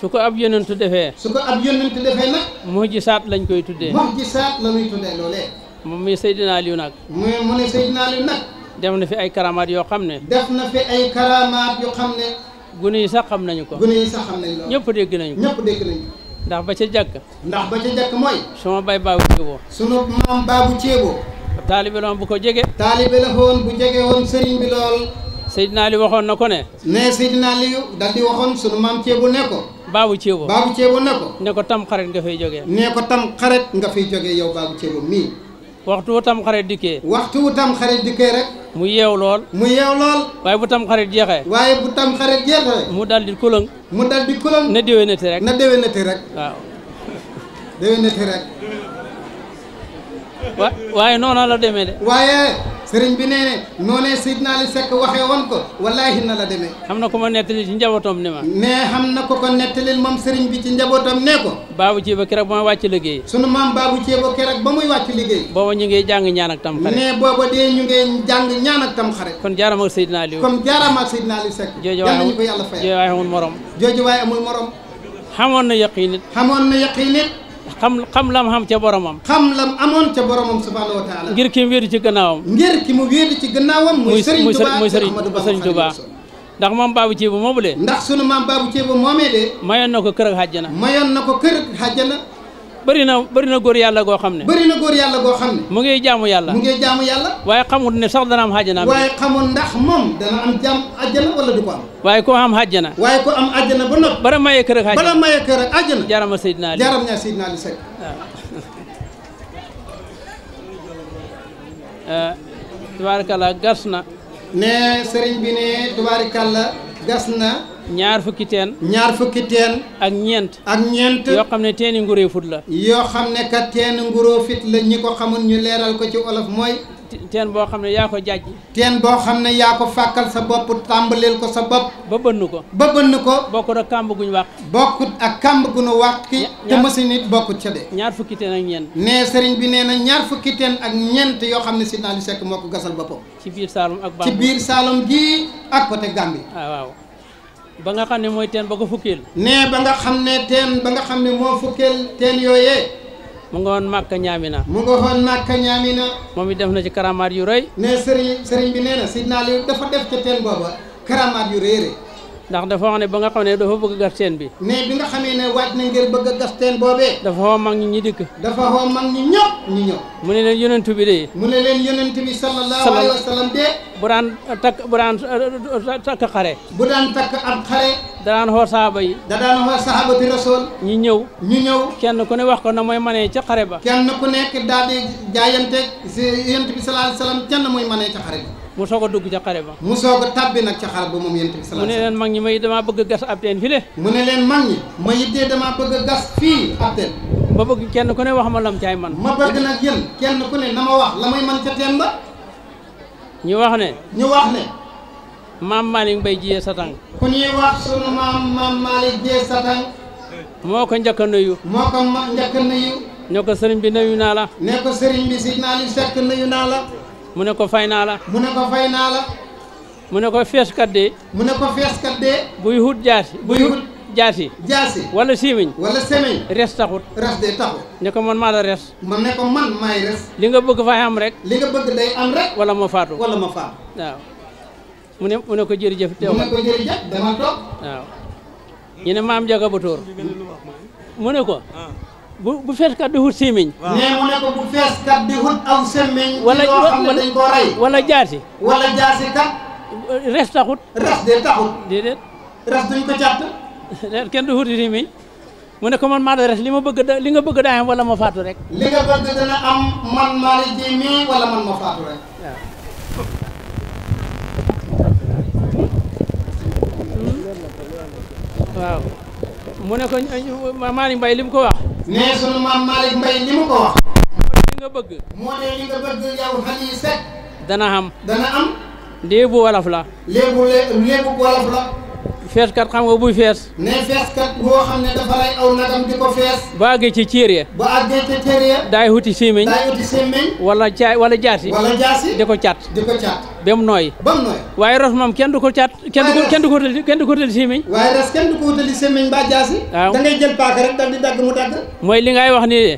su ko ab yonent defee. su ko ab yonent defee nag. mujisaat lañ koy tuddee. mujisaat la ñuy tuddee loolee. moom mi Seydina Aliou nag. mu mu ne Seydina Aliou nag. def na fi ay karaamaat yoo xam ne. def na fi ay karaamaat yoo xam ne. gune yi sax xam nañu ko. gune yi sax xam nañu loolu. ñëpp dégg nañu ko dégg nañu ndax ba ca jàkk ndax ba ca jàkk mooy. sama bay baabu ceeboo. sunu maam baabu ceeboo. taalibe la woon bu ko jege. taalibe la woon bu jege woon sëriñ bi lool. Seydina waxoon na ko ne. ne Seydina Ali dal di waxoon sunu maam ceebu ne ko. baabu ceeboo baabu ceeboo ne ko. ne ko tam xarit nga fay jógee. ne ko tam xarit nga fay jógee yow baabu ceeboo mii. waxtu wu tam xarit dikkee waxtu wu tam xarit dikkee rek mu yeew lool mu yeew lool waaye bu tam xarit jeexee waaye bu tam xarit jeexee mu dal di kulëng mu dal di kulëng na déwénati rek na déwénati rek waaw déwénati rek wa waaye noona la demee de. waaye sëriñ bi nee ne noonee Seydina Ali Seck waxee woon ko wallaahi na la demee. xam na ko ma nettali ci njabootam ne ma. nee xam na ko ko nettalil moom sëriñ bi ci njabootam ne ko. baabu ceeba keroog ba ma wàcc liggéey. sunu maam baabu ceeba keroog ba muy wàcc liggéey. booba ñu ngi jàng ñaan ak tam xare. nee booba dee ñu ngi jàng ñaan ak tam xare. kon jaarama ak Seydina Ali. kon jaarama ak Seydina Ali Seck. jooju waay amul jooju waay amul morom. jooju waay amul morom. xamoon na yaqin it. xamoon xam xam lam xam ca boromam xam lam amoon ca boromam subhaanahu wa taala ngir ki mu wéedu ci gannaawam ngir ki mu wéedu ci gannaawam muy sëriñ Tuubaa muy sëriñ Tuubaa ndax maam baabu ceebu moomu de ndax sunu maam baabu ceebu moomee de mayoon na ko kër ak xàjjana mayoon na ko kër ak xàjjana bari na bëri na góor yàlla goo xam ne bëri na góor yàlla goo xam ne mu ngi jaamu yàlla mu ngi jaamu yàlla waaye xamul ne sax dana am àjjana waaye xamul ndax moom dana am jaam àjjana wala du ko am waaye ko am àjjana waaye ko am àjjana ba noppi bara maye kër ak àjjana bara maye kër jaram ñaa Seydina Ali Seck ah. eh, gas na ne sëriñ bi ne tubaarikàlla gas na ñaar fukki ten ñaar fukki ten ak ñent ak ñent yo xamne ten nguro nguree fut la yo xamne ka ten nguro fit la ñiko ko xamul ñu leral ko ci olof moy ten bo xamne ya ko jàjj ten bo xamne ya ko fakal sa bop tambalel ko sa bop ba bënn ko ba bënn ko bokkut ak kamb guñ wax bokkut ak kamb guñu ki te masi nit bokkut ci de ñaar fukki ten ak ñent ne sëriñ bi neena ñaar fukki ten ak ñent yo xamne ne Sidna Aliou Seck moo ko gasal boppam ci bir salum ak ci bir salum gi ak côté Gambie ah, waaw ba nga xam ne mooy teen ba ko fukkeel nee ba nga xam ne teen ba nga xam ne moo fukkeel teen yooyee mu nga woon màkka na mu nga woon màkka ñaamina moom it def na ci karamaat yu rey nee sëriñ sëriñ bi nee na Sidna Aliou dafa def ca teen booba karamaat yu rëy rëy ndax dafa wax ne ba nga xam ne dafa bëgg a gas teen bi mais bi nga xamee ne waaj na ngir bëgg a gas boobee dafa xoo mag ñi ñi dikk dafa xoo mag ñi ñëpp ñi ñëw mu ne leen yonent bi de mu ne leen yonent bi sallallahu alayhi wa sallam de bu daan takk bu uh, uh, uh, xare bu daan takk ab xare da daan xool saxaaba yi da daan xool saxaabati rasul ñi ñëw ñu ñëw kenn ku ne wax ko na mooy manee ca xare ba kenn ku nekk daal de jaayante si bi sallallahu alayhi wa sallam kenn mooy manee ca xare bi mu soog a dugg ca xare ba mu soog a tàbbi nag ca xare ba moom yonent bi mu ne leen mag a gas ab teen mu ne leen mag ñi ma yittee damaa bëgg a gas fii ab teen ma bëgg kenn ku ne wax ma lam caay man ma bëgg nag yéen kenn ku ne na ma wax la may man ca teen ba ñu wax ne ñu wax ne ma Malick Mbaye jiyee satang ku ñuy wax sunu maam maam Malick jiyee satang moo ko njëkk a moo ko njëkk a nuyu ne ko sëriñ bi nuyu naa la ne ko sëriñ bi si naa li sekk nuyu naa la mu ne ko fay naa la mu ne ko fay naa mu ne ko feeskat mu ne ko feeskat de buy hut jaasi buy hut jaasi jaasi wala simiñ wala semiñ res taxut res de taxut ne man maa la res man ne ko man maay res li nga bëgg fay am rek li nga bëgg day am rek wala ma faatu wala ma faatu waaw mu ne mu ne ko jërëjëf ko jërëjëf dama ne maam jaga ba tóor mu ne ko ah. bu bu fees kat di hut sémmiñ nee mu ne ko bu fees kat di hut aw sémmiñ wala yoo xam ne dañ koo kat res taxut res de taxut déedéet res duñ ko càtt déet kenn du hut sémmiñ mu ne ko man maa res li ma bëgg li nga bëgg daa am wala ma faatu rek li nga bëgg dana am man maa la jéemee wala man ma faatu rek waaw hmm? mu ne ko Malick Mbaye li ko wax. nee sunu maam Malick Mbaye li ko wax. moo de nga bëgg. moo de nga bëgg yow xali yi set. dana am dana am. léebu wolof la. léebu léebu wolof la. feeskat xam nga buy fees ne feeskat boo xam ne dafa rey aw nagam di ko fees bu àggee ci céer ya bu àggee ci céer ya daay huti sémmiñ daay huti sémmiñ wala caa wala jaasi wala jaasi di ko cat di ko cat ba mu nooy ba mu nooy waaye ros moom kenn du ko cat kenn du ko kenn du ko kenn du ko wutali sémmiñ waaye ros kenn du ko wutali sémmiñ mbaa jaasi waaw da jël paaka rek dal di dagg mu dagg mooy li ngay wax nii de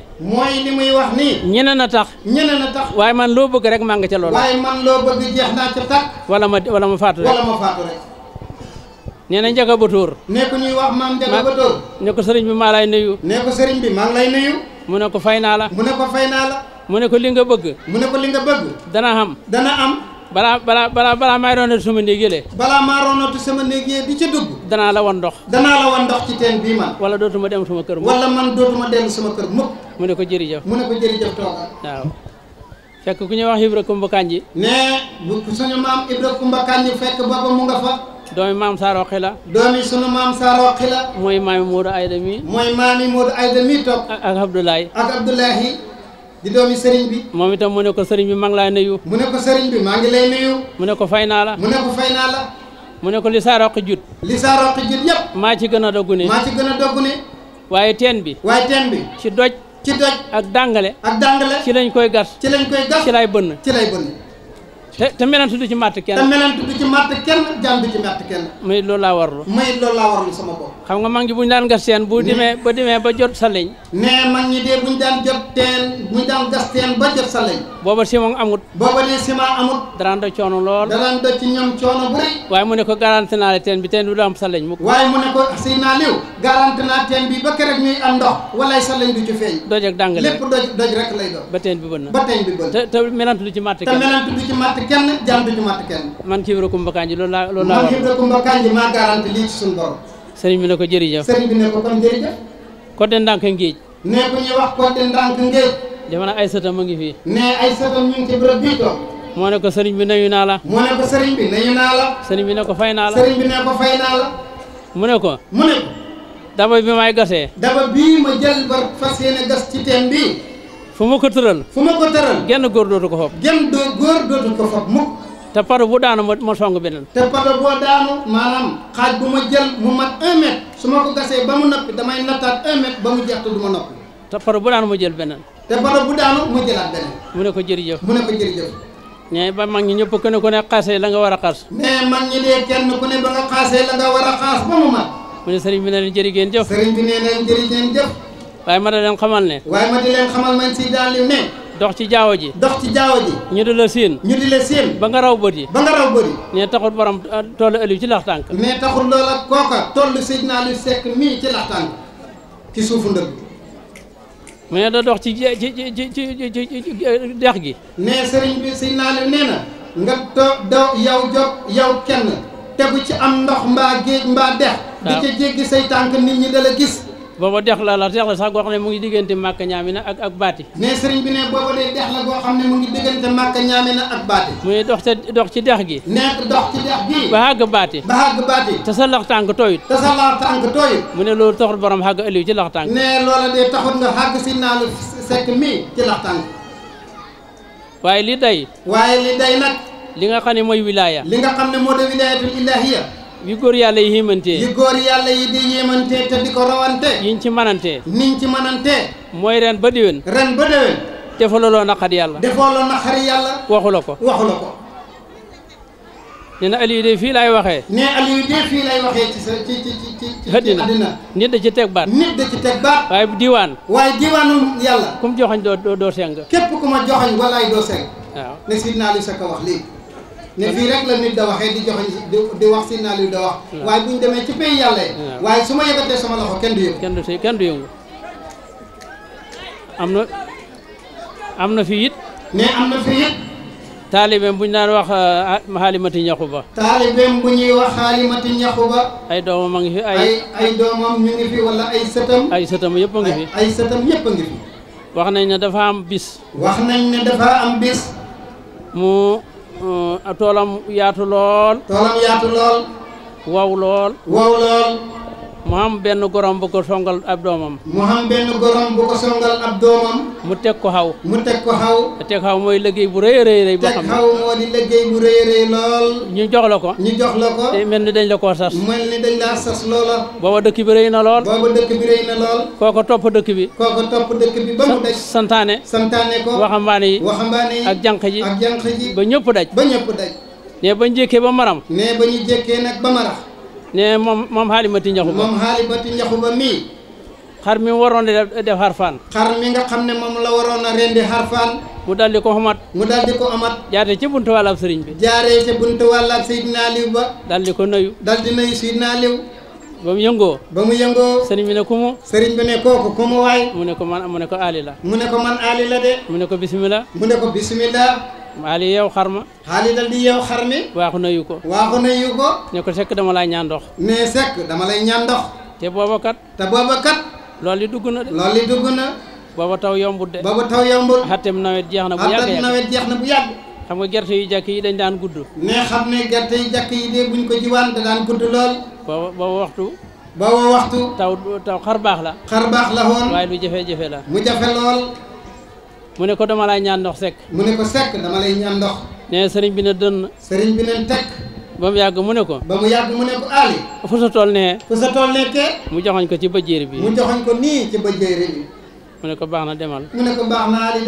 li muy wax nii ñeneen a tax ñeneen a waaye man loo bëgg rek maa nga ca loolu waaye man wala ma wala rek wala ma faatu rek nee na Njaga Batoor ne ko ñuy wax maam Njaga Batoor ne ko sëriñ bi maa lay nuyu ne ko sëriñ bi maa lay nuyu mu ne fay naa la mu ne ko fay naa la ne ko li nga bëgg mu ne ko li nga bëgg dana am dana am balaa balaa balaa balaa maay roonatu sama néeg yële balaa maa roonatu sama néeg yële di ca dugg danaa la wan ndox danaa la wan ndox ci teen bii man wala dootuma dem sama kër mukk wala man dootuma dem sama kër mu ne ko jërëjëf mu ne ko jërëjëf toogal waaw fekk ku ñuy wax Ibra Kumba Kanji ne bu suñu maam Ibra doomi maam Saaro Xila. doomi sunu maam Saaro Xila. mooy maami Modou Ayda mi. mooy maami Modou Ayda mi toog. ak ak ak Abdoulaye di doomi sëriñ bi. moom itam mu ne ko sëriñ bi maa ngi lay nuyu. mu ne sëriñ bi maa ngi lay nuyu. mu ne ko fay naa la. mu ne ko fay naa la. mu ne li Saaro Xijut. li Saaro Xijut yëpp. maa ci gën a doggu ne. maa ci gën a doggu waaye teen bi. waaye teen bi. ci doj. ci doj. ak dàngale. ak dàngale. ci lañ koy gas. ci lañ koy gas. ci lay ci lay bënn. te te melantu du ci matt kenn te melantu du ci matt kenn jaan du ci matt kenn muy loolu laa warlu muy loolu laa warlu sama bopp xam nga mag ñi bu ñu daan gas teen bu demee ba demee ba jot sa leñ nee mag ñi dee bu ñu daan jot teen bu ñu daan gas teen ba jot sa leñ booba ciment amut booba lii ciment amut danaan do coono lool danaan do ci ñoom coono bu waaye mu ne ko garanti naa la teen bi teen bi du am salañ waaye mu ne ko si naa liw garanti naa teen bi ba keroog ñuy am doo walay salañ du ci feeñ doj ak lépp doj doj rek lay doon ba teen bi bën na ba teen bi bën te te menant du ci matt kenn te menant du ci matt kenn jàmm du ci matt kenn man Kibra Kumba Kanji loolu laa loolu laa man Kibra Kumba Kanji maa ko jërëjëf sëriñ bi ne ko kon jërëjëf ko dama ne Aysata mu ngi fi ne Aysata mu ngi ci bërëb bi to mo ne ko serigne bi nayu naa la ne ko serigne bi nayu naa la bi ne ko fay naa la sëriñ bi ne ko fay naa la mu ne ko mo ne ko daba bi may gasee daba bi ma jël ba fasiyene yéene gas ci tém bi fuma ko teural fuma ko teural genn gor dootu ko fob genn do gor dootu ko fob mu ta paro bu daanu mo songu benen ta paro bu daanu manam xaj bu ma jël mu mat 1 mètre suma ko gasee ba mu nopi damay natat 1 mètre ba mu jeex duma nopi ta paro bu daanu mo jël benen te barab bu daanu mu jëlaat beneen. mu ne ko jërëjëf mu ne ko jërëjëf. mais ba mag ñi ñëpp kenn ku ne la nga war a xaas. mais mag ñi dee kenn ku ne ba nga xaasee la nga war a xaas ba mu mat. mu ne sëriñ bi ne leen jëri jëf. sëriñ bi ne leen jëri jëf. waaye ma da leen xamal ne. waaye ma di leen xamal man si daal li ne. dox ci jaawo ji dox ci jaawo ji ñu di la séen ñu di la séen ba nga raw bët yi ba nga raw bët yi ne taxul borom ah, tollu Aliou ci lax tànk ne taxul loola kooka tollu Seydina Aliou Seck mii ci ci suufu ndëgg mu ne da dox ci ci ci ci ci dex gi. nee sëriñ bi sëñ Naaliw nee nga do do yow jog yow kenn tegu ci am ndox mbaa géej mbaa dex. di ca jéggi say tànk nit ñi dala gis. booba dex la la dex la sax ne mu ngi diggante Màkka Ñaamina ak Baati ne sëriñ bi ne booba de dex xam ne mu ngi diggante Màkka Ñaamina ak Baati mu ne dox ci dex gi ne dox ci dex gi ba àgg Baati ba àgg Baati te sa lax tànk tooyut te sa lax tànk tooyut mu ne loolu taxul borom xàgg ëlliw ci lax tànk ne loola de taxul nga xàgg si sekk mii ci lax tànk waaye li day waaye li day nag li nga xam ne mooy wilaaya li nga xam ne moo de wilaayatul yu góor yàlla yi yéemantee yu góor yàlla yi di yéemantee te di ko rawante yiñ ci manantee niñ ci manantee mooy ren ba déwén ren ba déwén defaloo naqari yàlla defaloo naqari yàlla waxu ko waxu ko nee na Aliou de fii laay waxee ne Aliou fii lay waxee ci sa ci ci nit da ci teg baat nit da ci teg baat waaye diiwaan waaye diiwaanu yàlla ku mu joxañ doo doo képp ku ma joxañ walaay waaw ne Sidna Saka wax léegi ne fi rek la nit da waxe di joxe di wax ci nalu da wax hmm. way bu ñu ci pays yalla hmm. way suma yëkëté sama loxo kenn du yëm kenn du kenn du yëngu amna amna fi yit né amna fi yit na buñ nan eh, wax xaalimati ñaxu ba buñ yi wax xaalimati ñaxu ay doomam ma ngi fi ay ay doomam ñu ngi fi wala ay sëtam ay sëtam yëpp a ngi fi ay sëtam yëpp a ngi fi wax nañ ne dafa am bis wax nañ ne dafa am bis mu Euh, toolam yaatu lool toolam yaatu lool wow lool wow lool mu am benn gorom bu ko songal ab doomam mu am benn gorom bu ko songal ab doomam mu teg ko xaw mu teg ko xaw teg xaw mooy liggéey bu rëy rëy rëy boo bu rëy rëy lool ñu jox la ko ñu jox la ko te mel ni dañ la ko sas mel ni dañ laa sas loola booba dëkk na lool booba dëkk bi rëy na lool kooko topp dëkk bi kooko topp dëkk bi ba mu daj santaane santaane ko waxambaane yi waxambaane yi ak janq ji ak jànq ji ba ñëpp daj ba ñëpp daj ne ba njëkkee ba maram ne ba ñu jékkee nag ba marax ne moom moom xaalimati njaxuma moom xaalimati njaxuma mii xar mi waroon a def xarfaan xar mi nga xam ne moom la waroon a rendi xarfaan mu daldi ko xamat mu daldi ko amat jaare ci buntu wàllab sëriñ bi jaaree ci buntu wàllab Seydina Aliou ba daldi ko nuyu daldi nuyu Seydina Aliou ba mu yëngoo ba mu yëngoo sëriñ bi ne ku mu sëriñ bi ne kooku ku waay mu ne ko man mu ne ko aali la mu ne ko man aali la de mu ne ko bisimila mu ne ko bisimila aali yow xar ma xaali dal di xar mi waaxu na ko waaxu na yu ko ne ko sekk dama lay ñaan ndox ne sekk dama lay ñaan ndox te booba kat te booba kat loolu li dugg na de loolu li dugg na booba taw yombut de booba taw yombut xattem nawet jeex na bu yàgg nawet jeex na bu yàgg xam nga gerte yu jàkk yi dañ daan gudd ne xam ne gerte yu jàkk yi de buñ ko jiwaan da daan gudd lool booba booba waxtu ba waxtu taw taw xar baax la xar baax la woon waaye lu jafe-jafe la mu jafe lool mu ne ko dama lay ñaan ndox sekk mu ne ko sekk dama lay ñaan ndox ne sëriñ bi na dënn sëriñ bi na tekk ba mu yàgg mu ne ko ba mu yàgg mu ne ko aali fu sa tool nee fu sa tool nee mu joxoñ ko ci bëjéer bi mu joxoñ ko nii ci bëjéer bi mu ne ko baax na demal mu ne ko baax na aali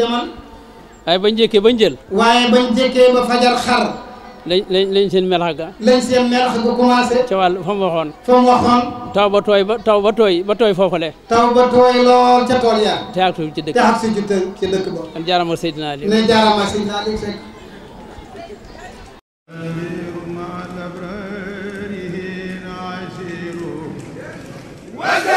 waaye bañ njëkkee bañ jël waaye bañ njëkkee ba fajar xar lañ lañ lañ seen melax ga lañ seen melax ga commencé ca wàll fa mu waxoon fa mu waxoon taw ba tooy ba taw ba tooy ba tooy foofale taw ba tooy lool ca tool ya te ak suñ ci dëkk te ak suñ ci dëkk ci dëkk ba am jaarama Seydina Ali ne jaarama Seydina Ali Seck ma